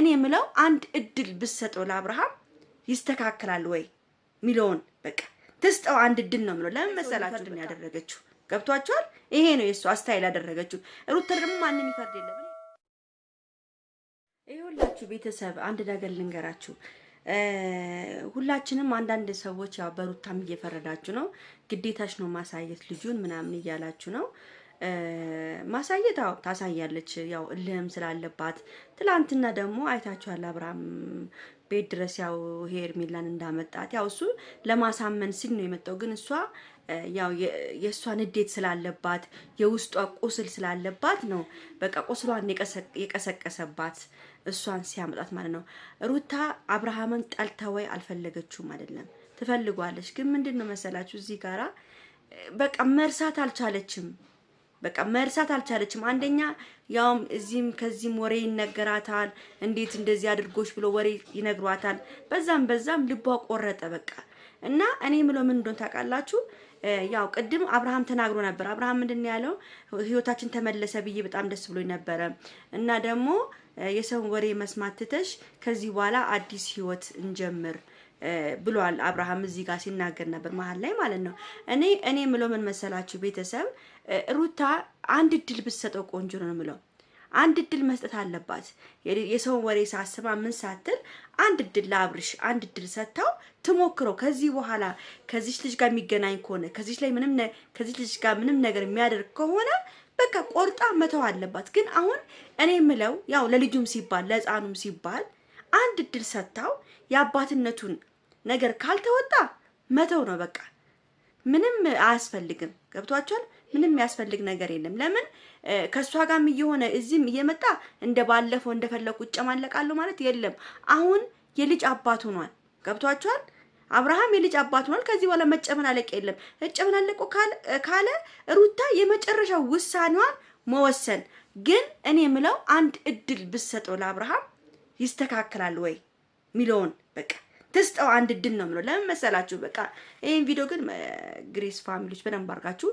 እኔ የምለው አንድ እድል ብሰጠው ለአብርሃም ይስተካከላል ወይ ሚለውን በቃ ትስጠው፣ አንድ እድል ነው የምለው። ለምን መሰላችሁ ያደረገችው ገብቷቸዋል። ይሄ ነው የእሱ አስተያየት ያደረገችው። ሩተር ደግሞ ማንም ይፈርድ የለም። ሁላችሁ ቤተሰብ አንድ ነገር ልንገራችሁ። ሁላችንም አንዳንድ ሰዎች ያው በሩታም እየፈረዳችሁ ነው፣ ግዴታሽ ነው ማሳየት ልጁን ምናምን እያላችሁ ነው። ማሳየት አዎ ታሳያለች። ያው እልህም ስላለባት ትላንትና ደግሞ አይታችኋል አብርሃም ቤት ድረስ ያው ሄርሜላን እንዳመጣት ያው እሱ ለማሳመን ሲል ነው የመጣው። ግን እሷ ያው የእሷ ንዴት ስላለባት የውስጧ ቁስል ስላለባት ነው በቃ ቁስሏን የቀሰቀሰባት እሷን ሲያመጣት ማለት ነው። ሩታ አብርሃምን ጠልታ ወይ አልፈለገችውም አይደለም፣ ትፈልጓለች። ግን ምንድን ነው መሰላችሁ እዚህ ጋራ በቃ መርሳት አልቻለችም። በቃ መርሳት አልቻለችም። አንደኛ ያውም እዚህም ከዚህም ወሬ ይነገራታል። እንዴት እንደዚህ አድርጎች ብሎ ወሬ ይነግሯታል። በዛም በዛም ልቧ ቆረጠ በቃ እና እኔ ምለው ምን እንደሆነ ታውቃላችሁ? ያው ቅድም አብርሃም ተናግሮ ነበር። አብርሃም ምንድን ያለው ህይወታችን ተመለሰ ብዬ በጣም ደስ ብሎኝ ነበረ እና ደግሞ የሰውን ወሬ መስማት ትተሽ ከዚህ በኋላ አዲስ ህይወት እንጀምር ብሏል አብርሃም እዚህ ጋር ሲናገር ነበር መሀል ላይ ማለት ነው። እኔ እኔ ምለው ምን መሰላችሁ ቤተሰብ ሩታ አንድ እድል ብትሰጠው ቆንጆ ነው የምለው። አንድ እድል መስጠት አለባት። የሰውን ወሬ ሳስባ ምን ሳትል አንድ እድል ለአብርሽ አንድ እድል ሰጥተው ትሞክረው። ከዚህ በኋላ ከዚች ልጅ ጋር የሚገናኝ ከሆነ ከዚች ላይ ምንም ከዚች ልጅ ጋር ምንም ነገር የሚያደርግ ከሆነ በቃ ቆርጣ መተው አለባት። ግን አሁን እኔ የምለው ያው ለልጁም ሲባል ለህፃኑም ሲባል አንድ እድል ሰጥተው የአባትነቱን ነገር ካልተወጣ መተው ነው በቃ። ምንም አያስፈልግም። ገብቷቸዋል። ምንም የሚያስፈልግ ነገር የለም። ለምን ከእሷ ጋርም እየሆነ እዚህም እየመጣ እንደ ባለፈው እንደፈለኩ እጨማለቃለሁ ማለት የለም። አሁን የልጅ አባት ሆኗል። ገብቷቸዋል። አብርሃም የልጅ አባት ሆኗል። ከዚህ በኋላ መጨመናለቅ የለም። እጨመላለቁ ካለ ሩታ የመጨረሻ ውሳኔዋን መወሰን ግን እኔ የምለው አንድ እድል ብሰጠው ለአብርሃም ይስተካከላል ወይ ሚለውን በቃ ትስጠው አንድ ድል ነው የምለው። ለምን መሰላችሁ? በቃ ይህን ቪዲዮ ግን ግሬስ ፋሚሊዎች በደንብ አርጋችሁ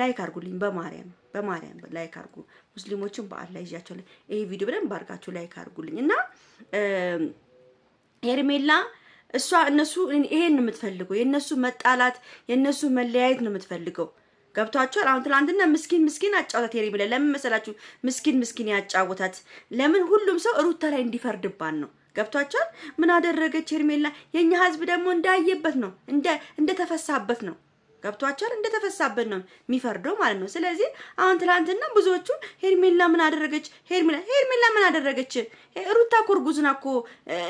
ላይክ አርጉልኝ በማርያም በማርያም ላይክ አርጉ። ሙስሊሞችን በዓል ላይ ይዣቸው ይህ ቪዲዮ በደንብ አርጋችሁ ላይክ አርጉልኝ እና ሄርሜላ እሷ እነሱ ይሄን ነው የምትፈልገው። የእነሱ መጣላት የእነሱ መለያየት ነው የምትፈልገው። ገብቷቸዋል። አሁን ትላንትና ምስኪን ምስኪን አጫወታት ሄርሜላ። ለምን መሰላችሁ? ምስኪን ምስኪን ያጫወታት ለምን ሁሉም ሰው ሩታ ላይ እንዲፈርድባት ነው። ገብቷቸዋል። ምን አደረገች ሄርሜላ? የኛ ህዝብ ደግሞ እንዳየበት ነው እንደ እንደተፈሳበት ነው ገብቷቸዋል። እንደተፈሳበት ነው የሚፈርደው ማለት ነው። ስለዚህ አሁን ትላንትና ብዙዎቹ ሄርሜላ ምን አደረገች? ሄርሜላ ሄርሜላ ምን አደረገች? ሩታ እኮ እርጉዝና እኮ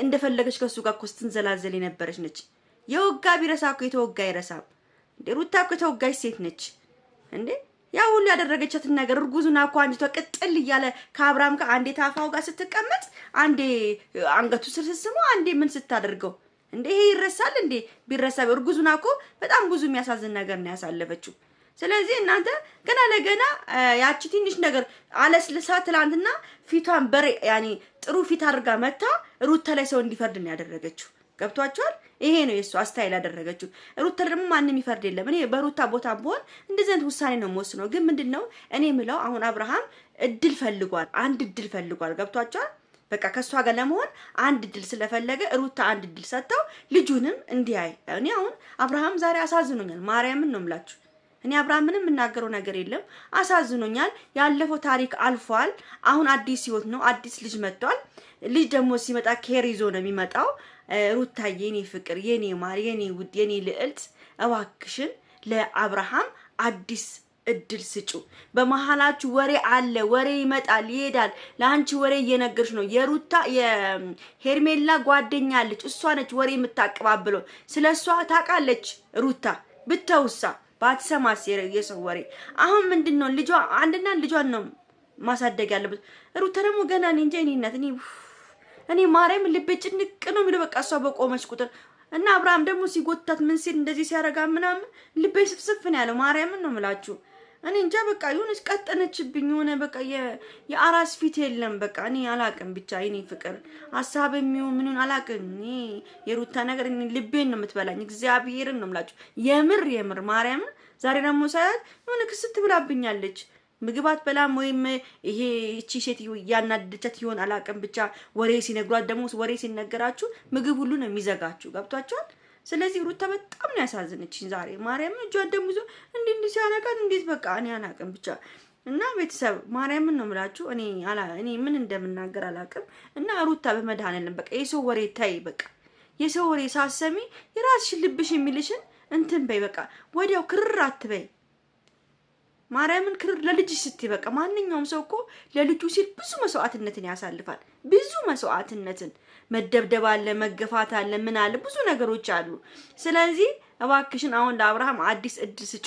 እንደፈለገች ከሱ ጋር እኮ ስትንዘላዘል የነበረች ነች። የወጋ ቢረሳ እኮ የተወጋ አይረሳም። ሩታ እኮ የተወጋች ሴት ነች እንዴ ያ ሁሉ ያደረገቻትን ነገር እርጉዝና እኮ አንዲቷ ቅጥል እያለ ከአብርሃም ጋር አንዴ ታፋው ጋር ስትቀመጥ፣ አንዴ አንገቱ ስርስሞ፣ አንዴ ምን ስታደርገው እንዴ ይሄ ይረሳል እንዴ? ቢረሳ እርጉዝና እኮ በጣም ብዙ የሚያሳዝን ነገር ነው ያሳለፈችው። ስለዚህ እናንተ ገና ለገና ያቺ ትንሽ ነገር አለስልሳ ትላንትና ፊቷን በሬ ያኔ ጥሩ ፊት አድርጋ መታ ሩታ ላይ ሰው እንዲፈርድ ነው ያደረገችው። ገብቷቸዋል። ይሄ ነው የእሱ አስተያየት ያደረገችው። ሩታ ደግሞ ማንም ይፈርድ የለም። እኔ በሩታ ቦታ ብሆን እንደዚህ አይነት ውሳኔ ነው የምወስነው። ግን ምንድን ነው እኔ ምለው አሁን አብርሃም እድል ፈልጓል፣ አንድ እድል ፈልጓል። ገብቷቸዋል። በቃ ከእሷ ጋር ለመሆን አንድ እድል ስለፈለገ ሩታ አንድ እድል ሰጥተው ልጁንም እንዲያይ እኔ አሁን አብርሃም ዛሬ አሳዝኖኛል። ማርያምን ነው የምላችሁ እኔ አብርሃም ምንም የምናገረው ነገር የለም። አሳዝኖኛል። ያለፈው ታሪክ አልፏል። አሁን አዲስ ህይወት ነው። አዲስ ልጅ መጥቷል። ልጅ ደግሞ ሲመጣ ኬር ይዞ ነው የሚመጣው። ሩታ፣ የኔ ፍቅር፣ የኔ ማር፣ የኔ ውድ፣ የኔ ልዕልት፣ እባክሽን ለአብርሃም አዲስ እድል ስጩ። በመሀላችሁ ወሬ አለ፣ ወሬ ይመጣል ይሄዳል። ለአንቺ ወሬ እየነገርሽ ነው። የሩታ የሄርሜላ ጓደኛ አለች፣ እሷ ነች ወሬ የምታቀባብለው። ስለ እሷ ታውቃለች ሩታ ብተውሳ ባትሰማ የሰው ወሬ። አሁን ምንድን ነው ልጇ አንድና ልጇን ነው ማሳደግ ያለበት። ሩታ ደግሞ ገና እኔ እንጃ እኔ እናት እኔ እኔ ማርያም ልቤ ጭንቅ ነው የሚለው በቃ እሷ በቆመች ቁጥር እና አብርሃም ደግሞ ሲጎታት ምን ሲል እንደዚህ ሲያረጋ ምናምን ልቤ ስፍስፍ ነው ያለው። ማርያምን ነው የምላችሁ። እኔ እንጃ በቃ የሆነች ቀጠነችብኝ። የሆነ በቃ የአራስ ፊት የለም በቃ እኔ አላቅም። ብቻ የኔ ፍቅር ሀሳብ የሚሆን ምንን አላቅም። እኔ የሩታ ነገር ልቤን ነው የምትበላኝ። እግዚአብሔርን ነው የምላችሁ የምር የምር ማርያምን። ዛሬ ደግሞ ሳያት የሆነ ክስት ብላብኛለች። ምግብ አትበላም ወይም ይሄ እቺ ሴት እያናደቻት ይሆን አላቅም። ብቻ ወሬ ሲነግሯት ደግሞ ወሬ ሲነገራችሁ ምግብ ሁሉ ነው የሚዘጋችሁ። ገብቷችኋል? ስለዚህ ሩታ በጣም ነው ያሳዝነችኝ ዛሬ ማርያም እጇን ደም ይዞ እንዲህ እንዲህ ሲያነቃት እንዴት በቃ እኔ አላቅም ብቻ እና ቤተሰብ ማርያምን ነው የምላችሁ። እኔ አላ እኔ ምን እንደምናገር አላቅም። እና ሩታ በመድኃኒዓለም በቃ የሰው ወሬ ታይ። በቃ የሰው ወሬ ሳሰሚ የራስሽን ልብሽ የሚልሽን እንትን በይ። በቃ ወዲያው ክርር አትበይ። ማርያምን ክርር ለልጅ ስትይ በቃ ማንኛውም ሰው እኮ ለልጁ ሲል ብዙ መስዋዕትነትን ያሳልፋል። ብዙ መስዋዕትነትን መደብደብ አለ፣ መገፋት አለ፣ ምን አለ፣ ብዙ ነገሮች አሉ። ስለዚህ እባክሽን አሁን ለአብርሃም አዲስ እድል ስጩ።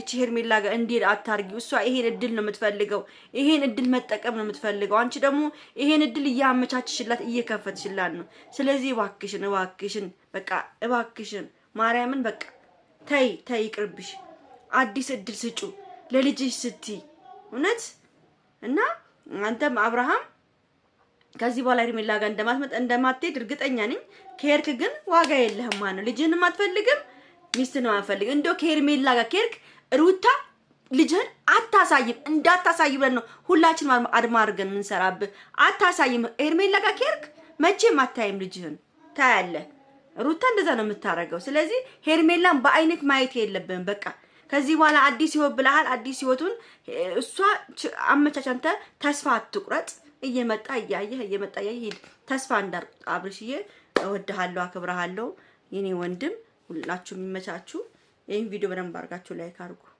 እቺ ሄርሜላ ጋር እንዴት አታርጊ? እሷ ይሄን እድል ነው የምትፈልገው፣ ይሄን እድል መጠቀም ነው የምትፈልገው። አንቺ ደግሞ ይሄን እድል እያመቻችሽላት እየከፈትሽላት ነው። ስለዚህ እባክሽን እባክሽን በቃ እባክሽን ማርያምን በቃ ተይ ተይ፣ ይቅርብሽ። አዲስ እድል ስጩ። ለልጅሽ ስቲ እውነት እና አንተም አብርሃም ከዚህ በኋላ ሄርሜላ ጋር እንደማትመጣ እንደማትሄድ እርግጠኛ ነኝ። ከሄድክ ግን ዋጋ የለህም ማለት ነው። ልጅህንም አትፈልግም፣ ሚስትህንም አትፈልግም። እንደው ከሄርሜላ ጋር ከሄድክ ሩታ ልጅህን አታሳይም እንዳታሳይ ብለን ነው ሁላችን አድማ አድርገን የምንሰራብህ። አታሳይም ሄርሜላ ጋር ከሄድክ መቼም አታይም ልጅህን ታያለህ። ሩታ እንደዛ ነው የምታደርገው። ስለዚህ ሄርሜላን በአይነት ማየት የለብህም በቃ ከዚህ በኋላ አዲስ ህይወት ብለሃል። አዲስ ህይወቱን እሷ አመቻች። አንተ ተስፋ አትቁረጥ። እየመጣ እያየህ እየመጣ እያየህ ሂድ። ተስፋ እንዳር አብርሽዬ፣ እወድሃለሁ፣ አክብረሃለሁ የኔ ወንድም። ሁላችሁ የሚመቻችሁ ይህን ቪዲዮ በደንብ አድርጋችሁ ላይክ አድርጉ።